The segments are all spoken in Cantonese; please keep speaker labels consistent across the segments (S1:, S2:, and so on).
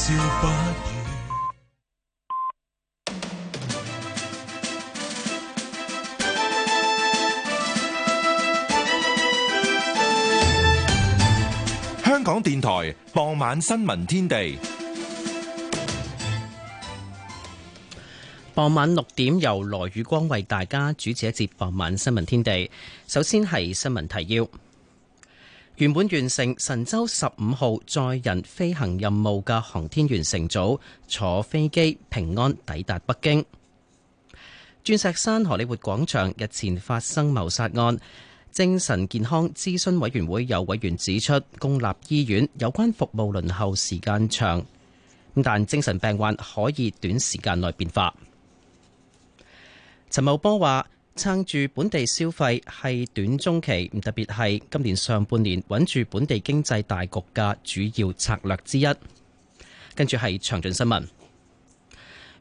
S1: 笑
S2: 香港電台傍晚新聞天地。傍
S3: 晚六點，由羅宇光為大家主持一節傍晚新聞天地。首先係新聞提要。原本完成神舟十五號載人飛行任務嘅航天員乘組，坐飛機平安抵達北京。鑽石山荷里活廣場日前發生謀殺案，精神健康諮詢委員會有委員指出，公立醫院有關服務輪候時間長，但精神病患可以短時間內變化。陳茂波話。撐住本地消費係短中期，特別係今年上半年穩住本地經濟大局嘅主要策略之一。跟住係詳盡新聞。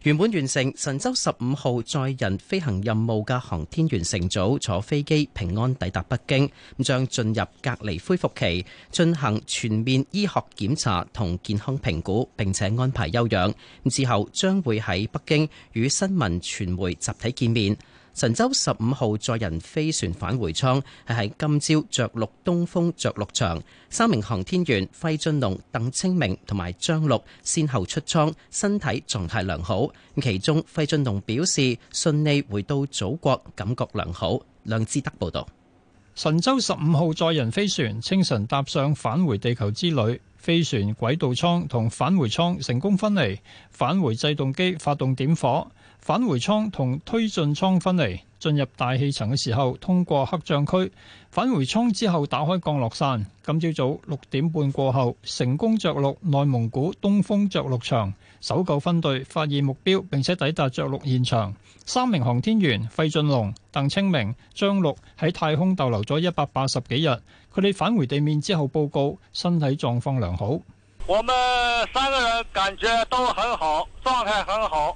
S3: 原本完成神舟十五號載人飛行任務嘅航天員乘組坐飛機平安抵達北京，咁將進入隔離恢復期，進行全面醫學檢查同健康評估，並且安排休養。之後將會喺北京與新聞傳媒集體見面。神舟十五號載人飛船返回艙係喺今朝着陸東風着陸場，三名航天員費俊龍、鄧清明同埋張陸先後出艙，身體狀態良好。其中費俊龍
S4: 表示順利回到祖國，感覺良好。梁志德報道：神舟十五號載人飛船清晨踏上返回地球之旅，飛船軌道艙同返回艙成功分離，返回制動機發動點火。返回艙同推進艙分離，進入大氣層嘅時候通過黑障區。返回艙之後打開降落傘。今朝早六點半過後，成功着陸內蒙古東風着陸場。搜救分隊發現目標，並且抵達着陸現場。三名航天員費俊龍、鄧清明、張陸喺太空逗留咗一百八十幾日。佢哋返回地面之後，報告身體狀況良好。我們三個人感覺都很好，狀態很好。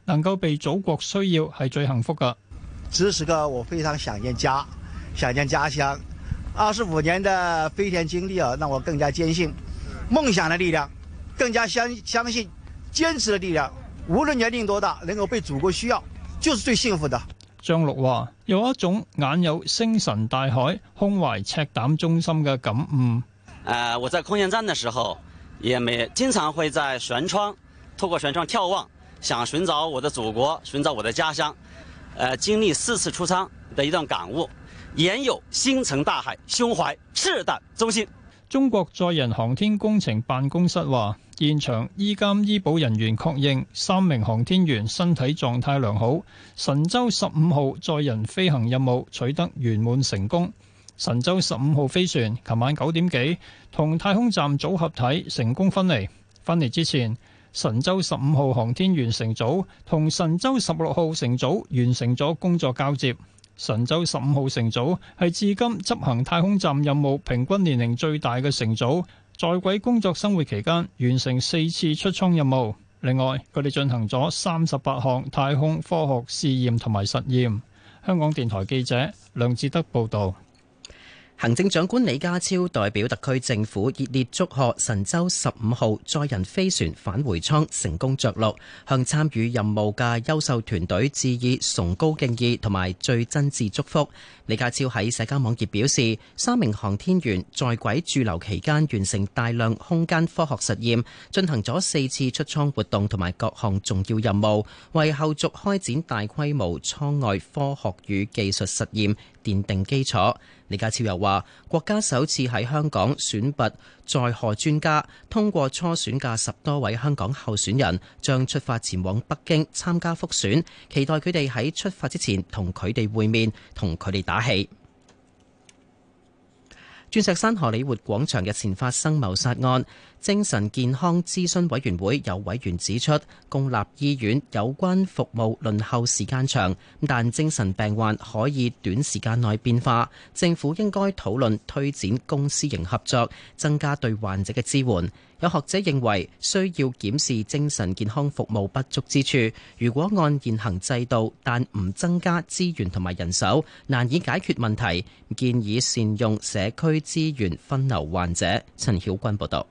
S4: 能夠被祖國需要是最幸福的。此時嘅我非常想念家，想念家鄉。二十五年的飛天經歷啊，讓我更加堅信夢想的力量，更加相相信堅持的力量。無論年齡多大，能夠被祖國需要，就是最幸福的。張陸話：有一種眼有星辰大海，胸懷赤膽忠心嘅感悟。
S5: 誒、呃，我在空間站嘅時候，也沒經常會在舷窗透過舷窗眺望。想尋找我的祖國，尋找我的家鄉，誒、呃，經歷四次出艙的一段感悟，眼有星辰大海，胸懷赤膽忠心。
S4: 中國載人航天工程辦公室話，現場醫監醫保人員確認，三名航天員身體狀態良好，神舟十五號載人飛行任務取得圓滿成功。神舟十五號飛船琴晚九點幾同太空站組合體成功分離，分離之前。神舟十五號航天員乘組同神舟十六號乘組完成咗工作交接。神舟十五號乘組係至今執行太空站任務平均年齡最大嘅乘組，在軌工作生活期間完成四次出艙任務。另外，佢哋進行咗三十八項太空科學試驗同埋實驗。香港電台記者梁志德報道。行政長官李家
S3: 超代表特區政府熱烈祝賀神舟十五號載人飛船返回艙成功着陸，向參與任務嘅優秀團隊致以崇高敬意同埋最真摯祝福。李家超喺社交網頁表示，三名航天員在軌駐留期間完成大量空間科學實驗，進行咗四次出艙活動同埋各項重要任務，為後續開展大規模艙外科學與技術實驗奠定基礎。李家超又話：國家首次喺香港選拔載荷專家，通過初選嘅十多位香港候選人將出發前往北京參加復選，期待佢哋喺出發之前同佢哋會面，同佢哋打氣。鑽石山荷里活廣場日前發生謀殺案。精神健康諮詢委員會有委員指出，公立醫院有關服務輪候時間長，但精神病患可以短時間內變化。政府應該討論推展公私營合作，增加對患者嘅支援。有學者認為需要檢視精神健康服務不足之處，如果按現行制度，但唔增加資源同埋人手，難以解決問題，建議善用社區資源分流患者。陳曉君報道。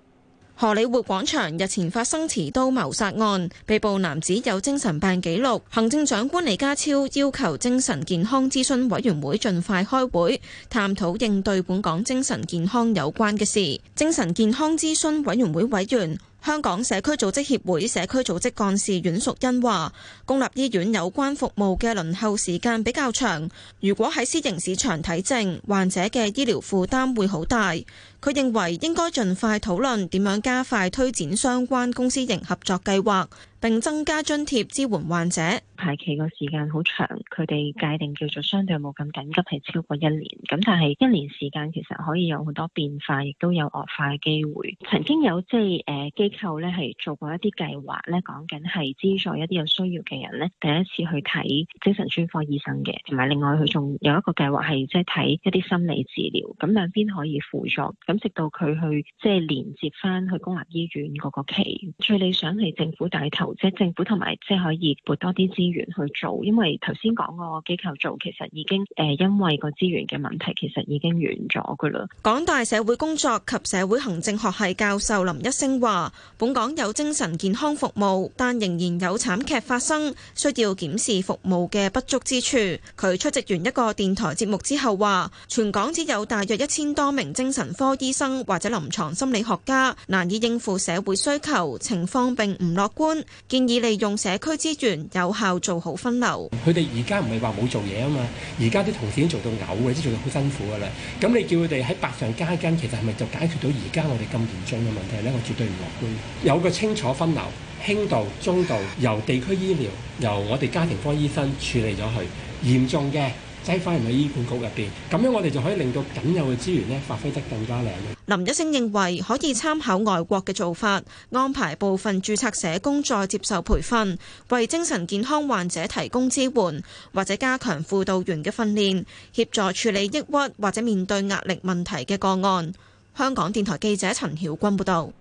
S6: 荷里活廣場日前發生持刀謀殺案，被捕男子有精神病記錄。行政長官李家超要求精神健康諮詢委員會盡快開會，探討應對本港精神健康有關嘅事。精神健康諮詢委員會委員、香港社區組織協會社區組織幹事阮淑欣話：公立醫院有關服務嘅輪候時間比較長，如果喺私營市場睇症，患者嘅醫療負擔會好大。佢認為應該盡快討論點樣加快推展相關公私營合作計劃，並增加津貼支援患者。排期個時間好長，佢哋界定叫做相對冇咁緊急，係超過一年。咁但係一年時間其實可以有好多變化，亦都有惡化嘅機會。曾經有即係誒機構咧係做過一啲計劃咧，講緊係資助一啲有需要嘅人咧，第一次去睇精神專科醫生嘅，同埋另外佢仲有一個計劃係即係睇一啲心理治療。咁兩邊可以輔助。咁直到佢去即係連接翻去公立醫院嗰個期，最理想係政府帶頭，即係政府同埋即係可以撥多啲資源去做，因為頭先講個機構做其實已經誒，因為個資源嘅問題其實已經完咗噶啦。港大社會工作及社會行政學系教授林一星話本港有精神健康服務，但仍然有慘劇發生，需要檢視服務嘅不足之處，佢出席完一個電台節目之後話全港只有大約一千多名精神科。醫生或者臨床心理學家難以應付社會需求，情況並唔樂觀。建議利用社區資源，有效做好分流。
S2: 佢哋而家唔係話冇
S4: 做嘢啊嘛，而家啲同事已經做到嘔嘅，即係做到好辛苦噶啦。咁你叫佢哋喺百上加斤，其實係咪就解決到而家我哋咁嚴重嘅問題呢？我絕對唔樂觀。有個清楚分流，輕度、中度由地區醫療由我哋家庭科醫生處理咗佢，嚴重嘅。擠翻入去醫管局入邊，咁樣我哋就可以令到僅有嘅資源呢發揮得更加靚。
S6: 林一聲認為可以參考外國嘅做法，安排部分註冊社工再接受培訓，為精神健康患者提供支援，或者加強輔導員嘅訓練，協助處理抑鬱或者面對壓力問題嘅個案。香港電台記者陳曉君報導。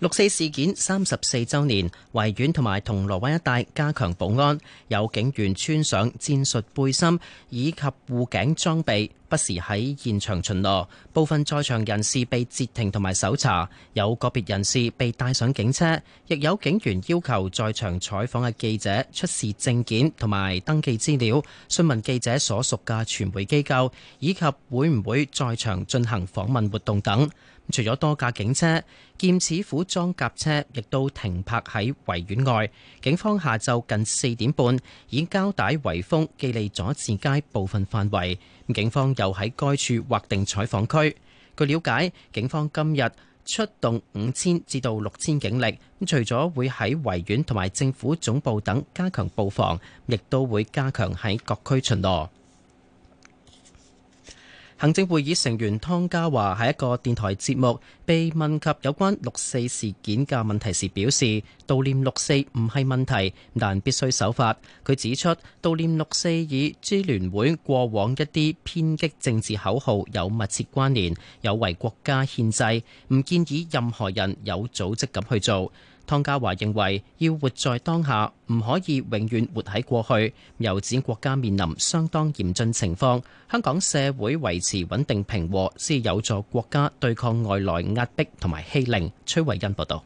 S3: 六四事件三十四周年，維園同埋銅鑼灣一帶加強保安，有警員穿上戰術背心以及護頸裝備，不時喺現場巡邏。部分在場人士被截停同埋搜查，有個別人士被帶上警車，亦有警員要求在場採訪嘅記者出示證件同埋登記資料，詢問記者所屬嘅傳媒機構以及會唔會在場進行訪問活動等。除咗多架警車、劍齒虎裝甲車，亦都停泊喺維園外。警方下晝近四點半，已經交代圍封記利佐治街部分範圍。警方又喺該處劃定採訪區。據了解，警方今日出動五千至到六千警力，咁除咗會喺維園同埋政府總部等加強布防，亦都會加強喺各區巡邏。行政會議成員湯家驊喺一個電台節目被問及有關六四事件嘅問題時，表示悼念六四唔係問題，但必須守法。佢指出悼念六四與支聯會過往一啲偏激政治口號有密切關聯，有違國家憲制，唔建議任何人有組織咁去做。湯家驊認為，要活在當下，唔可以永遠活喺過去。由於國家面臨相當嚴峻情況，香港社會維持穩定平和，先有助國家對抗外來壓迫同埋欺凌。崔慧欣報道。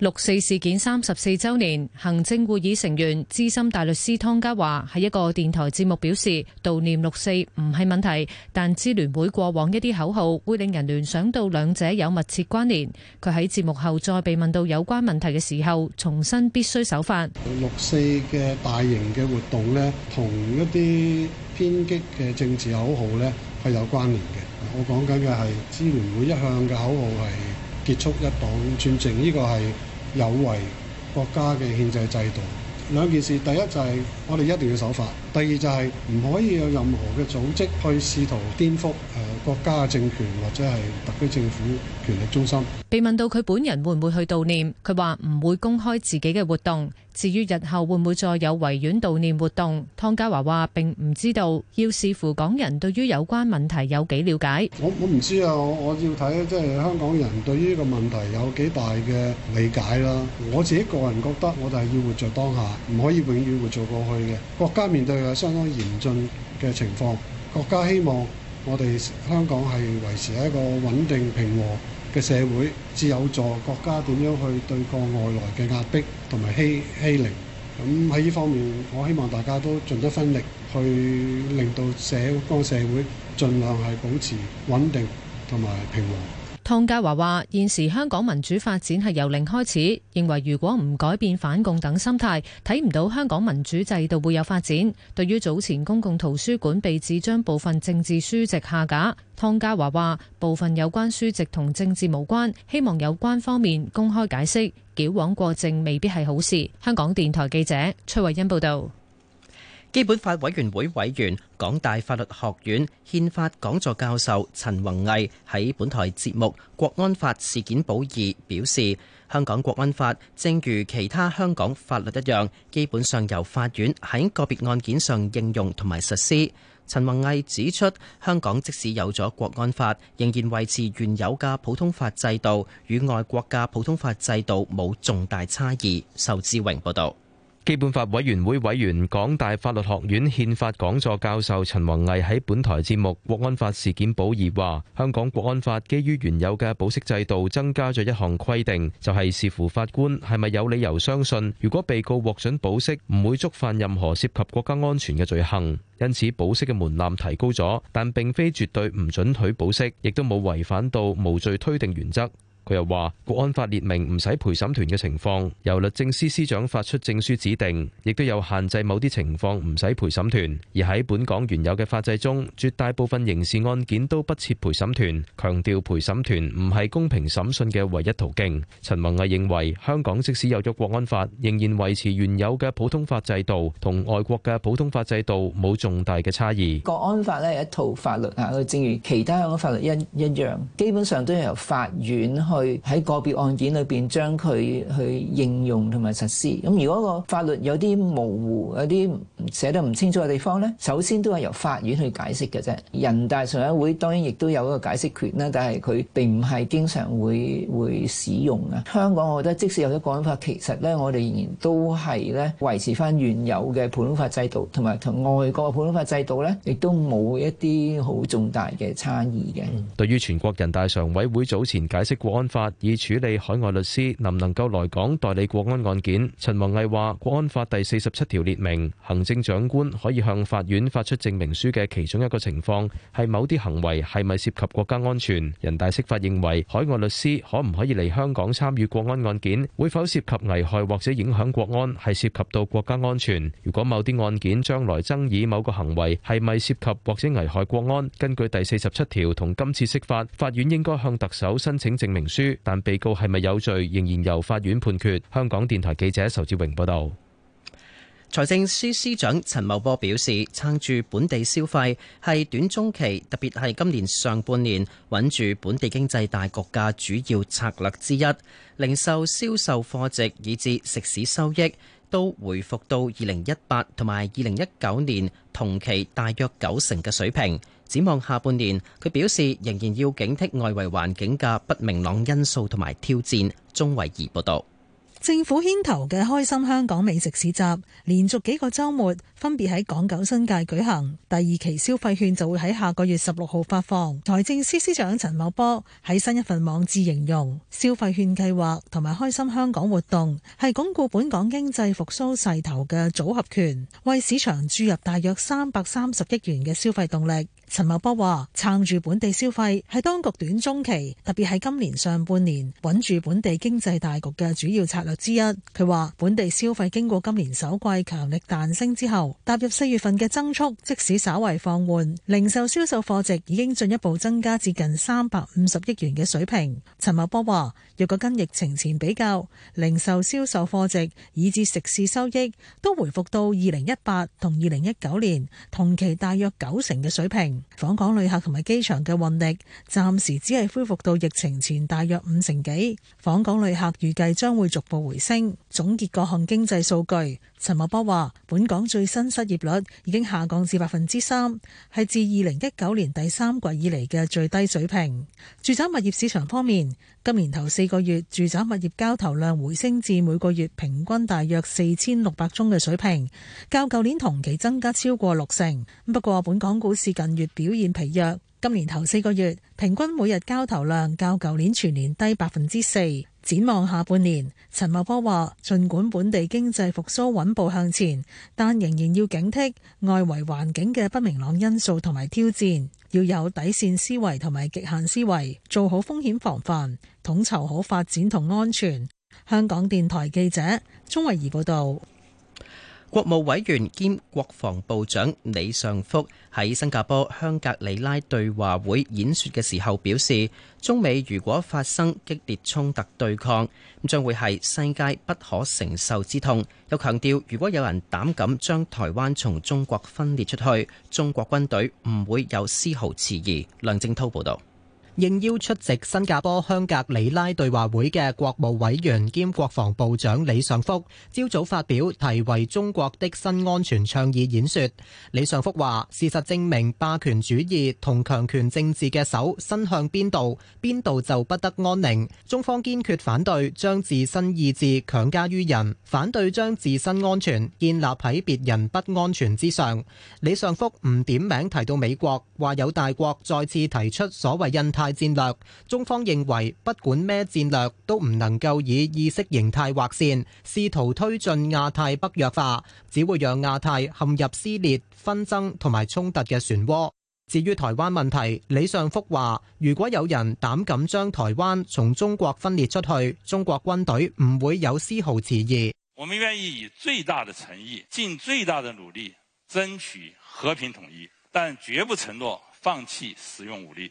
S7: 六四事件三十四周年，行政會議成員資深大律師湯家驊喺一個電台節目表示，悼念六四唔係問題，但支聯會過往一啲口號會令人聯想到兩者有密切關聯。佢喺節目後再被問到有關問題嘅時候，重新必須守法。
S5: 六四嘅大型嘅活動咧，同一啲偏激嘅政治口號咧係有關聯嘅。我講緊嘅係支聯會一向嘅口號係結束一黨專政，呢個係。有違國家嘅憲制制度，兩件事。第一就係我哋一定要守法；第二就係唔可以有任何嘅組織去試圖顛覆國家嘅政權或者係特區政府權力中心。
S7: 被問到佢本人會唔會去悼念，佢話唔會公開自己嘅活動。至於日後會唔會再有維園悼念活動，湯家驊話並唔知道，要視乎港人對於有關問題有幾瞭解。我我
S5: 唔知啊，我我要睇即係香港人對於呢個問題有幾大嘅理解啦。我自己個人覺得，我哋係要活在當下，唔可以永遠活在過去嘅。國家面對嘅相當嚴峻嘅情況。國家希望。我哋香港係維持一個穩定平和嘅社會，至有助國家點樣去對抗外來嘅壓迫同埋欺欺凌。咁喺呢方面，我希望大家都盡一分力，去令到社個社會盡量係保持穩定同埋平和。
S7: 湯家驊話：現時香港民主發展係由零開始，認為如果唔改變反共等心態，睇唔到香港民主制度會有發展。對於早前公共圖書館被指將部分政治書籍下架，湯家驊話：部分有關書籍同政治無關，希望有關方面公開解釋。矯枉過正未必係好事。香港電台記者崔慧欣報道。
S3: 基本法委員會委員、港大法律學院憲法講座教授陳宏毅喺本台節目《國安法事件補二》表示，香港國安法正如其他香港法律一樣，基本上由法院喺個別案件上應用同埋實施。陳宏毅指出，香港即使有咗國安法，仍然維持原有嘅普通法制度，與外國嘅普通法制度冇重大差
S2: 異。仇志榮報道。基本法委員、會委員，港大法律學院憲法講座教授陳宏毅喺本台節目《國安法事件補二》話，香港國安法基於原有嘅保釋制度，增加咗一項規定，就係、是、視乎法官係咪有理由相信，如果被告獲准保釋，唔會觸犯任何涉及國家安全嘅罪行。因此保釋嘅門檻提高咗，但並非絕對唔准許保釋，亦都冇違反到無罪推定原則。佢又話：國安法列明唔使陪審團嘅情況，由律政司司長發出證書指定，亦都有限制某啲情況唔使陪審團。而喺本港原有嘅法制中，絕大部分刑事案件都不設陪審團。強調陪審團唔係公平審訊嘅唯一途徑。陳宏毅認為，香港即使有咗國安法，仍然維持原有嘅普通法制度，同外國嘅普通法制度冇重大嘅差異。國
S4: 安法呢係一套法律啊，正如其他香港法律一一樣，基本上都係由法院去。去喺個別案件裏邊將佢去應用同埋實施。咁如果個法律有啲模糊，有啲寫得唔清楚嘅地方咧，首先都係由法院去解釋嘅啫。人大常委會當然亦都有一個解釋權啦，但係佢並唔係經常會會使用啊，香港，我覺得即使有咗《國安法》，其實咧我哋仍然都係咧維持翻原有嘅《普通法》制度，同埋同外國《普通法》制度咧，亦都冇一啲好重大嘅差異嘅。
S2: 對於全國人大常委會早前解釋國安法以處理海外律師能唔能夠來港代理國安案件？陳弘毅話：國安法第四十七條列明，行政長官可以向法院發出證明書嘅其中一個情況係某啲行為係咪涉及國家安全。人大釋法認為，海外律師可唔可以嚟香港參與國安案件，會否涉及危害或者影響國安，係涉及到國家安全。如果某啲案件將來爭議，某個行為係咪涉及或者危害國安，根據第四十七條同今次釋法，法院應該向特首申請證明。書，但被告係咪有罪，仍然由法院判決。香港電台記者仇志榮報道。財政司司長陳茂波表示，撐
S3: 住本地消費係短中期，特別係今年上半年穩住本地經濟大局嘅主要策略之一。零售銷售貨值以至食肆收益都回復到二零一八同埋二零一九年同期大約九成嘅水平。展望下半年，佢表示仍然要警惕外圍環境嘅不明朗因素同埋挑戰。鍾偉儀報道，
S1: 政府牽頭嘅開心香港美食市集，連續幾個周末分別喺港九新界舉行。第二期消費券就會喺下個月十六號發放。財政司司長陳茂波喺新一份網誌形容，消費券計劃同埋開心香港活動係鞏固本港經濟復蘇勢頭嘅組合拳，為市場注入大約三百三十億元嘅消費動力。陳茂波話：撐住本地消費係當局短中期，特別係今年上半年穩住本地經濟大局嘅主要策略之一。佢話本地消費經過今年首季強力彈升之後，踏入四月份嘅增速，即使稍為放緩，零售銷售貨值已經進一步增加至近三百五十億元嘅水平。陳茂波話：若果跟疫情前比較，零售銷售貨值以至食肆收益都回復到二零一八同二零一九年同期大約九成嘅水平。訪港旅客同埋機場嘅運力暫時只係恢復到疫情前大約五成幾，訪港旅客預計將會逐步回升。總結各項經濟數據。陳茂波話，本港最新失業率已經下降至百分之三，係自二零一九年第三季以嚟嘅最低水平。住宅物業市場方面，今年頭四個月住宅物業交投量回升至每個月平均大約四千六百宗嘅水平，較舊年同期增加超過六成。不過，本港股市近月表現疲弱，今年頭四個月平均每日交投量較舊年全年低百分之四。展望下半年，陳茂波話，儘管本地經濟復甦穩步向前，但仍然要警惕外圍環境嘅不明朗因素同埋挑戰，要有底線思維同埋極限思維，做好風險防範，統籌好發展同安全。香港電台記者鍾慧儀報道。
S3: 國務委員兼國防部長李尚福喺新加坡香格里拉對話會演說嘅時候表示，中美如果發生激烈衝突對抗，咁將會係世界不可承受之痛。又強調，如果有人膽敢將台灣從中國分裂出去，中國軍隊唔會有絲毫遲疑。梁正濤報道。
S8: 應邀出席新加坡香格里拉對話會嘅國務委員兼國防部長李尚福，朝早發表題為《中國的新安全倡議》演說。李尚福話：事實證明，霸權主義同強權政治嘅手伸向邊度，邊度就不得安寧。中方堅決反對將自身意志強加於人，反對將自身安全建立喺別人不安全之上。李尚福唔點名提到美國，話有大國再次提出所謂印太戰略，中方認為不管咩戰略都唔能夠以意識形態劃線，試圖推進亞太北約化，只會讓亞太陷入撕裂、紛爭同埋衝突嘅漩渦。至於台灣問題，李尚福話：如果有人膽敢將台灣從中國分裂出去，中國軍隊唔會有絲毫遲疑。
S4: 我們願意以最大的誠意、盡最大的努力爭取和平統一，但絕不承諾放棄使用武力。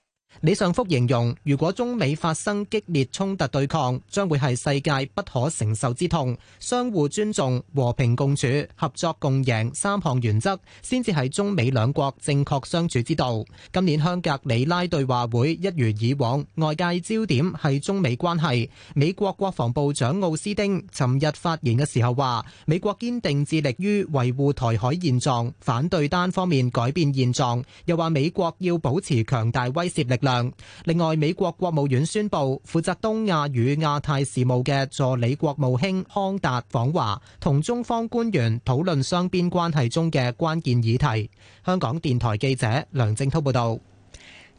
S8: 李尚福形容，如果中美發生激烈衝突對抗，將會係世界不可承受之痛。相互尊重、和平共處、合作共贏三項原則，先至係中美兩國正確相處之道。今年香格里拉對話會一如以往，外界焦點係中美關係。美國國防部長奧斯汀尋日發言嘅時候話，美國堅定致力於維護台海現狀，反對單方面改變現狀。又話美國要保持強大威懾力。另外，美國國務院宣布，負責東亞與亞太事務嘅助理國務卿康達訪華，同中方官員討論雙邊關係中嘅關鍵議題。香港電台記者梁正滔報導。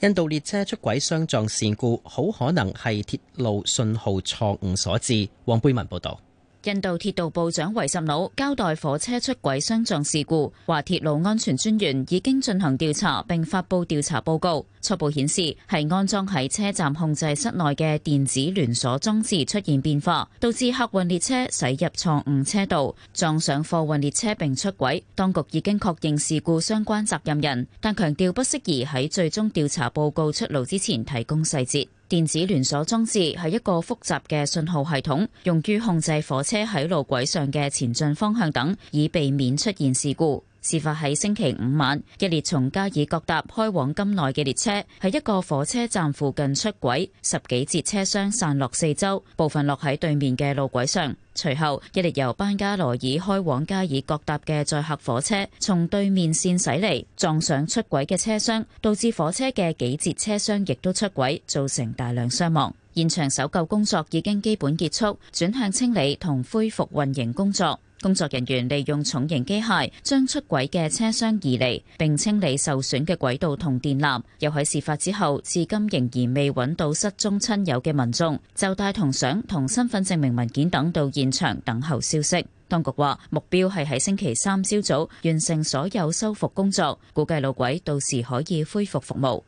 S8: 印度列車出軌相撞事故，
S3: 好可能係鐵路信號錯誤所致。黃貝文報導。
S9: 印度鐵道部長維什瑙交代火車出軌相撞事故，話鐵路安全專員已經進行調查並發布調查報告，初步顯示係安裝喺車站控制室內嘅電子聯鎖裝置出現變化，導致客運列車駛入錯誤車道，撞上貨運列車並出軌。當局已經確認事故相關責任人，但強調不適宜喺最終調查報告出爐之前提供細節。電子聯鎖裝置係一個複雜嘅信號系統，用於控制火車喺路軌上嘅前進方向等，以避免出現事故。事發喺星期五晚，一列從加爾各答開往金奈嘅列車喺一個火車站附近出軌，十幾節車廂散落四周，部分落喺對面嘅路軌上。隨後，一列由班加羅爾開往加爾各答嘅載客火車從對面線駛嚟，撞上出軌嘅車廂，導致火車嘅幾節車廂亦都出軌，造成大量傷亡。現場搜救工作已經基本結束，轉向清理同恢復運營工作。工作人員利用重型機械將出軌嘅車廂移離，並清理受損嘅軌道同電纜。又喺事發之後至今仍然未揾到失蹤親友嘅民眾，就帶同相同身份證明文件等到現場等候消息。當局話目標係喺星期三朝早完成所有修復工作，估計路軌到時可以恢復服務。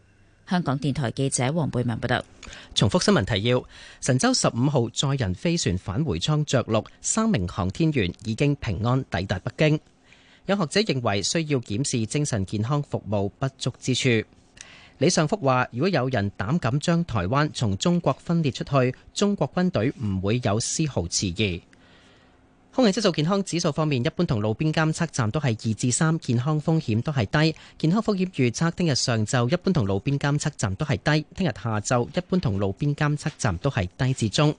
S9: 香港電台記者黃貝文報道。重複新聞提要：神舟十五號載人飛船返回艙着陸，三名
S3: 航天員已經平安抵達北京。有學者認為需要檢視精神健康服務不足之處。李尚福話：如果有人膽敢將台灣從中國分裂出去，中國軍隊唔會有絲毫遲疑。空氣質素健康指數方面，一般同路邊監測站都係二至三，健康風險都係低。健康風險預測，聽日上晝一般同路邊監測站都係低，聽日下晝一般同路邊監測站都係低至中。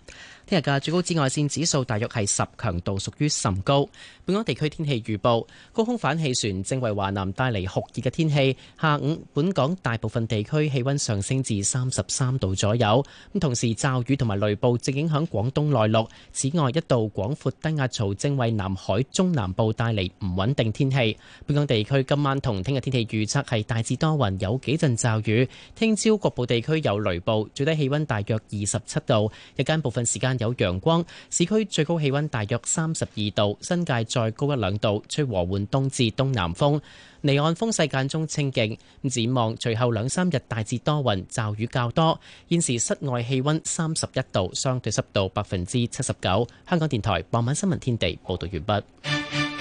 S3: 聽日嘅最高紫外線指數大約係十強度，屬於甚高。本港地區天氣預報，高空反氣旋正為華南帶嚟酷熱嘅天氣。下午本港大部分地區氣溫上升至三十三度左右。咁同時驟雨同埋雷暴正影響廣東內陸。此外，一道廣闊低壓槽正為南海中南部帶嚟唔穩定天氣。本港地區今晚同聽日天氣預測係大致多雲，有幾陣驟雨。聽朝局部地區有雷暴，最低氣溫大約二十七度。日間部分時間。有陽光，市區最高氣溫大約三十二度，新界再高一兩度，吹和緩東至東南風，離岸風勢間中清勁。展望隨後兩三日大致多雲，驟雨較多。現時室外氣溫三十一度，相對濕度百分之七十九。香港電台傍晚新聞天
S10: 地報道完畢。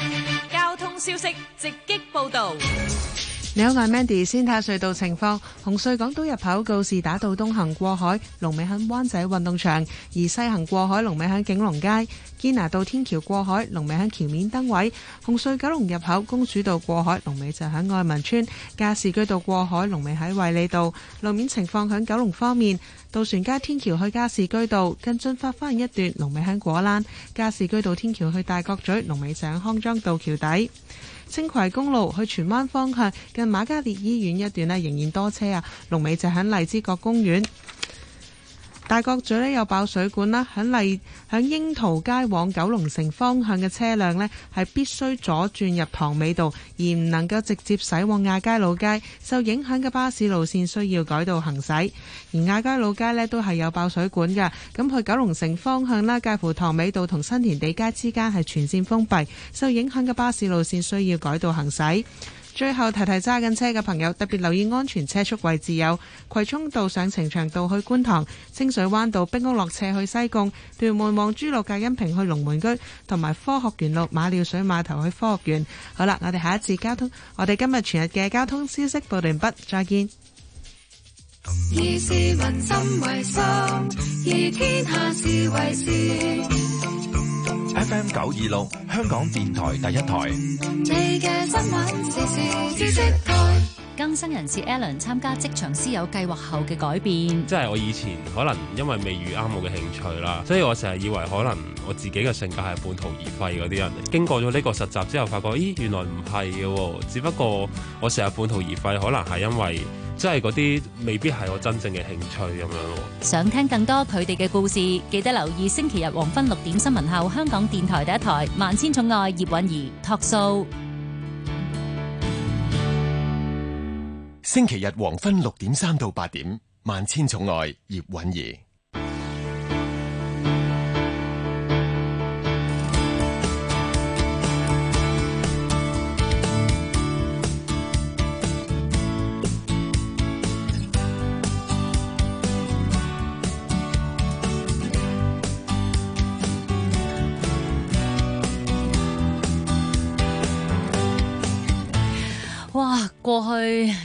S7: 交通消息直擊報道。
S11: 你好，我係 Mandy。先睇隧道情況，紅隧港島入口告士打道東行過海龍尾喺灣仔運動場，而西行過海龍尾喺景隆街。堅拿道天橋過海龍尾喺橋面燈位。紅隧九龍入口公主道過海龍尾就喺愛民村。加士居道過海龍尾喺惠利道。路面情況喺九龍方面，渡船街天橋去加士居道近駿發花園一段龍尾喺果欄。加士居道天橋去大角咀龍尾就喺康莊道橋底。青葵公路去荃灣方向近瑪嘉烈醫院一段咧仍然多車啊！龍尾就喺荔枝角公園。大角咀咧有爆水管啦，喺麗喺櫻桃街往九龍城方向嘅車輛呢，係必須左轉入塘尾道，而唔能夠直接駛往亞皆老街。受影響嘅巴士路線需要改道行駛，而亞皆老街呢，都係有爆水管㗎。咁去九龍城方向啦，介乎塘尾道同新填地街之間係全線封閉，受影響嘅巴士路線需要改道行駛。.最後提提揸緊車嘅朋友，特別留意安全車速位置，有葵涌道上呈祥道去觀塘、清水灣道壁屋落斜去西貢、屯門望珠路隔音屏、去龍門居，同埋科學園路馬料水碼頭去科學園。好啦，我哋下一次交通，我哋今日全日嘅交通消息報完畢，再見。以
S8: 市民心為
S6: 心，以天下事為事。
S2: FM 九二六，香港電台第一台。
S10: 更新人士 Allen 參加職場私有計劃後嘅改變，
S4: 即係我以前可能因為未遇啱我嘅興趣啦，所以我成日以為可能我自己嘅性格係半途而廢嗰啲人。經過咗呢個實習之後，發覺咦，原來唔係嘅，只不過我成日半途而廢，可能係因為。真係嗰啲未必係我真正嘅興趣咁樣。
S10: 想聽更多佢哋嘅故事，記得留意星期日黃昏六點新聞後，香港電台第一台《萬千寵愛》葉韻儀 Talk Show。
S4: 星期日黃昏六點三到八點，《萬千寵愛》葉韻儀。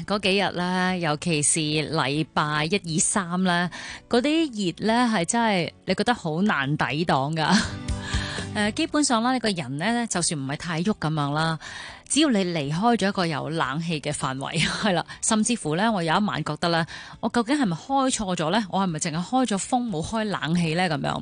S10: 嗰幾日啦，尤其是禮拜一二三啦，嗰啲熱咧係真係，你覺得好難抵擋噶。誒，基本上啦，你個人咧，就算唔係太喐咁樣啦。只要你離開咗一個有冷氣嘅範圍係啦，甚至乎咧，我有一晚覺得咧，我究竟係咪開錯咗咧？我係咪淨係開咗風冇開冷氣咧？咁樣，咁、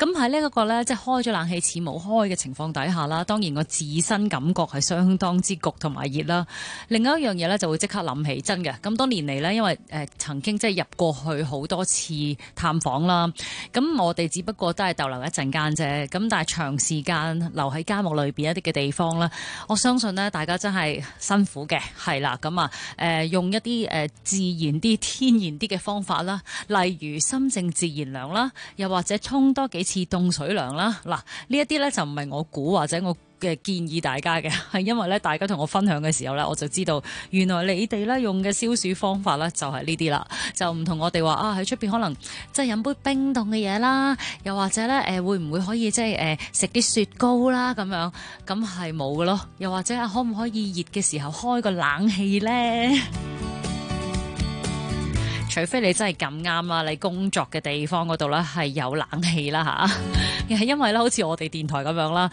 S10: 嗯、喺呢一個咧，即係開咗冷氣似冇開嘅情況底下啦，當然我自身感覺係相當之焗同埋熱啦。另外一樣嘢咧就會即刻諗起真嘅。咁、嗯、多年嚟咧，因為誒、呃、曾經即係入過去好多次探訪啦。咁、嗯、我哋只不過都係逗留一陣間啫。咁但係長時間留喺家務裏邊一啲嘅地方啦，我相信咧。大家真係辛苦嘅，係啦，咁啊，誒，用一啲誒、呃、自然啲、天然啲嘅方法啦，例如心淨自然涼啦，又或者沖多幾次凍水涼啦，嗱，呢一啲咧就唔係我估或者我。嘅建議大家嘅，係因為咧，大家同我分享嘅時候咧，我就知道原來你哋咧用嘅消暑方法咧就係呢啲啦，就唔同我哋話啊喺出邊可能即係飲杯冰凍嘅嘢啦，又或者咧誒、呃、會唔會可以即係誒食啲雪糕啦咁樣，咁係冇嘅咯，又或者、啊、可唔可以熱嘅時候開個冷氣咧？ 除非你真係咁啱啊，你工作嘅地方嗰度咧係有冷氣啦嚇，係、啊、 因為咧好似我哋電台咁樣啦。